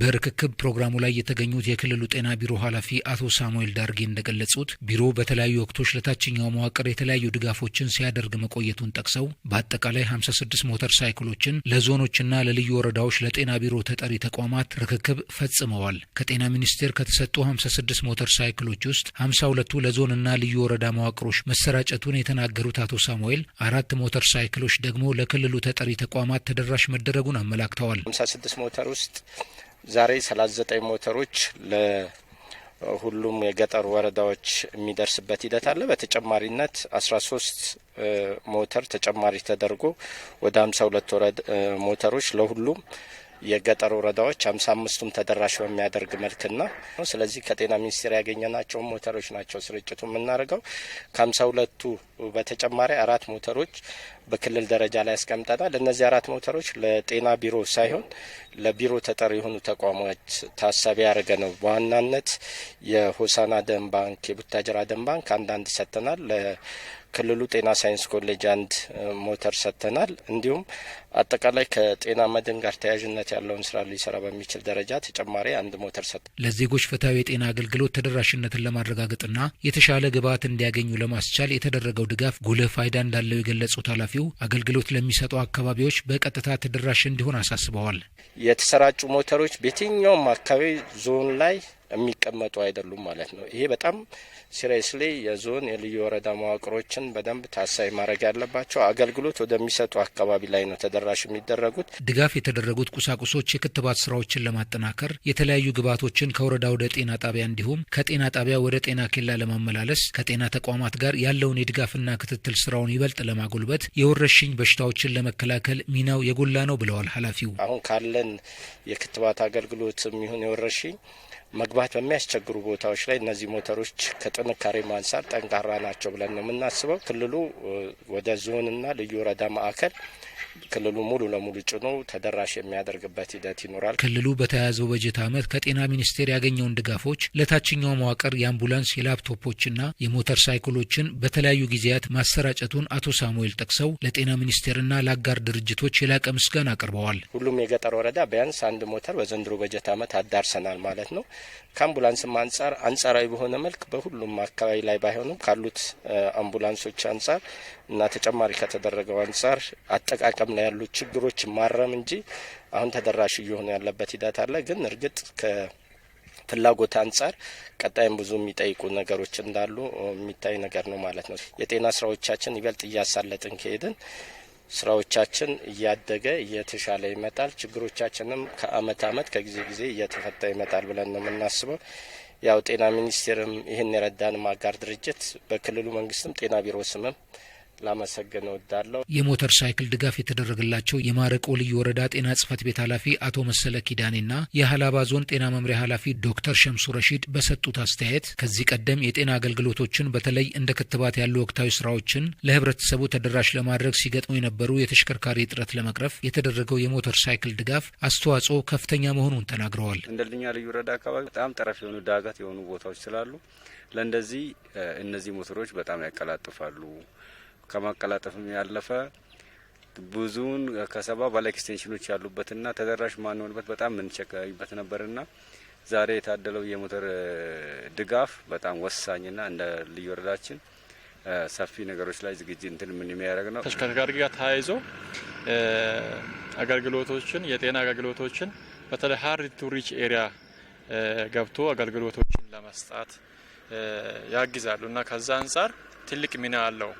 በርክክብ ፕሮግራሙ ላይ የተገኙት የክልሉ ጤና ቢሮ ኃላፊ አቶ ሳሙኤል ዳርጌ እንደገለጹት ቢሮ በተለያዩ ወቅቶች ለታችኛው መዋቅር የተለያዩ ድጋፎችን ሲያደርግ መቆየቱን ጠቅሰው በአጠቃላይ 56 ሞተር ሳይክሎችን ለዞኖችና ለልዩ ወረዳዎች ለጤና ቢሮ ተጠሪ ተቋማት ርክክብ ፈጽመዋል። ከጤና ሚኒስቴር ከተሰጡ 56 ሞተር ሳይክሎች ውስጥ 52ቱ ለዞንና ልዩ ወረዳ መዋቅሮች መሰራጨቱን የተናገሩት አቶ ሳሙኤል አራት ሞተር ሳይክሎች ደግሞ ለክልሉ ተጠሪ ተቋማት ተደራሽ መደረጉን አመላክተዋል። 56 ሞተር ውስጥ ዛሬ 39 ሞተሮች ለሁሉም የገጠር ወረዳዎች የሚደርስበት ሂደት አለ። በተጨማሪነት 13 ሞተር ተጨማሪ ተደርጎ ወደ 52 ሞተሮች ለሁሉም የገጠር ወረዳዎች 55 አምስቱም ተደራሽ በሚያደርግ መልክና ስለዚህ ከጤና ሚኒስቴር ያገኘናቸው ሞተሮች ናቸው ስርጭቱ የምናደርገው ከ 52 በተጨማሪ አራት ሞተሮች በክልል ደረጃ ላይ ያስቀምጠናል። እነዚህ አራት ሞተሮች ለጤና ቢሮ ሳይሆን ለቢሮ ተጠሪ የሆኑ ተቋማት ታሳቢ ያደረገ ነው። በዋናነት የሆሳና ደን ባንክ፣ የቡታጀራ ደን ባንክ አንዳንድ ሰጥተናል። ለክልሉ ጤና ሳይንስ ኮሌጅ አንድ ሞተር ሰጥተናል። እንዲሁም አጠቃላይ ከጤና መድን ጋር ተያያዥነት ያለውን ስራ ሊሰራ በሚችል ደረጃ ተጨማሪ አንድ ሞተር ሰጥ ለዜጎች ፍትሐዊ የጤና አገልግሎት ተደራሽነትን ለማረጋገጥና የተሻለ ግብዓት እንዲያገኙ ለማስቻል የተደረገው ድጋፍ ጉልህ ፋይዳ እንዳለው የገለጹት ኃላፊ ኃላፊው አገልግሎት ለሚሰጡ አካባቢዎች በቀጥታ ተደራሽ እንዲሆን አሳስበዋል። የተሰራጩ ሞተሮች በየትኛውም አካባቢ ዞን ላይ የሚቀመጡ አይደሉም ማለት ነው። ይሄ በጣም ሲሪየስሊ የዞን የልዩ ወረዳ መዋቅሮችን በደንብ ታሳቢ ማድረግ ያለባቸው አገልግሎት ወደሚሰጡ አካባቢ ላይ ነው ተደራሽ የሚደረጉት። ድጋፍ የተደረጉት ቁሳቁሶች የክትባት ስራዎችን ለማጠናከር የተለያዩ ግብዓቶችን ከወረዳ ወደ ጤና ጣቢያ እንዲሁም ከጤና ጣቢያ ወደ ጤና ኬላ ለማመላለስ ከጤና ተቋማት ጋር ያለውን የድጋፍና ክትትል ስራውን ይበልጥ ለማጎልበት የወረርሽኝ በሽታዎችን ለመከላከል ሚናው የጎላ ነው ብለዋል ኃላፊው። አሁን ካለን የክትባት አገልግሎት የሚሆን የወረርሽኝ መግባት በሚያስቸግሩ ቦታዎች ላይ እነዚህ ሞተሮች ከጥንካሬ ማንሳር ጠንካራ ናቸው ብለን ነው የምናስበው። ክልሉ ወደ ዞንና ልዩ ወረዳ ማዕከል ክልሉ ሙሉ ለሙሉ ጭኖ ተደራሽ የሚያደርግበት ሂደት ይኖራል። ክልሉ በተያያዘው በጀት ዓመት ከጤና ሚኒስቴር ያገኘውን ድጋፎች ለታችኛው መዋቅር የአምቡላንስ የላፕቶፖችና የሞተር ሳይክሎችን በተለያዩ ጊዜያት ማሰራጨቱን አቶ ሳሙኤል ጠቅሰው ለጤና ሚኒስቴርና ለአጋር ድርጅቶች የላቀ ምስጋና አቅርበዋል። ሁሉም የገጠር ወረዳ ቢያንስ አንድ ሞተር በዘንድሮ በጀት ዓመት አዳርሰናል ማለት ነው። ከአምቡላንስም አንጻር አንጻራዊ በሆነ መልክ በሁሉም አካባቢ ላይ ባይሆንም ካሉት አምቡላንሶች አንጻር እና ተጨማሪ ከተደረገው አንጻር አጠቃቀ በመጠቀም ነው ያሉት ችግሮች ማረም እንጂ አሁን ተደራሽ እየሆነ ያለበት ሂደት አለ። ግን እርግጥ ከፍላጎት አንጻር ቀጣይም ብዙ የሚጠይቁ ነገሮች እንዳሉ የሚታይ ነገር ነው ማለት ነው። የጤና ስራዎቻችን ይበልጥ እያሳለጥን ከሄድን ስራዎቻችን እያደገ እየተሻለ ይመጣል። ችግሮቻችንም ከአመት አመት ከጊዜ ጊዜ እየተፈታ ይመጣል ብለን ነው የምናስበው። ያው ጤና ሚኒስቴርም ይህን የረዳን አጋር ድርጅት በክልሉ መንግስትም ጤና ቢሮ ስምም ላመሰግን እወዳለሁ። የሞተር ሳይክል ድጋፍ የተደረገላቸው የማረቆ ልዩ ወረዳ ጤና ጽህፈት ቤት ኃላፊ አቶ መሰለ ኪዳኔና የሀላባ ዞን ጤና መምሪያ ኃላፊ ዶክተር ሸምሱ ረሺድ በሰጡት አስተያየት ከዚህ ቀደም የጤና አገልግሎቶችን በተለይ እንደ ክትባት ያሉ ወቅታዊ ስራዎችን ለህብረተሰቡ ተደራሽ ለማድረግ ሲገጥሙ የነበሩ የተሽከርካሪ እጥረት ለመቅረፍ የተደረገው የሞተር ሳይክል ድጋፍ አስተዋጽኦ ከፍተኛ መሆኑን ተናግረዋል። እንደልኛ ልዩ ወረዳ አካባቢ በጣም ጠረፍ የሆኑ ዳገት የሆኑ ቦታዎች ስላሉ ለእንደዚህ እነዚህ ሞተሮች በጣም ያቀላጥፋሉ። ከማቀላጠፍም ያለፈ ብዙውን ከሰባ በላይ ኤክስቴንሽኖች ያሉበትና ተደራሽ ማንሆንበት በጣም የምንቸገርበት ነበርና ዛሬ የታደለው የሞተር ድጋፍ በጣም ወሳኝና እንደ ልዩ ወረዳችን ሰፊ ነገሮች ላይ ዝግጅት እንትን ምን የሚያደርግ ነው። ተሽከርካሪ ጋር ተያይዞ አገልግሎቶችን የጤና አገልግሎቶችን በተለይ ሀርድ ቱ ሪች ኤሪያ ገብቶ አገልግሎቶችን ለመስጣት ያግዛሉ እና ከዛ አንጻር ትልቅ ሚና አለው።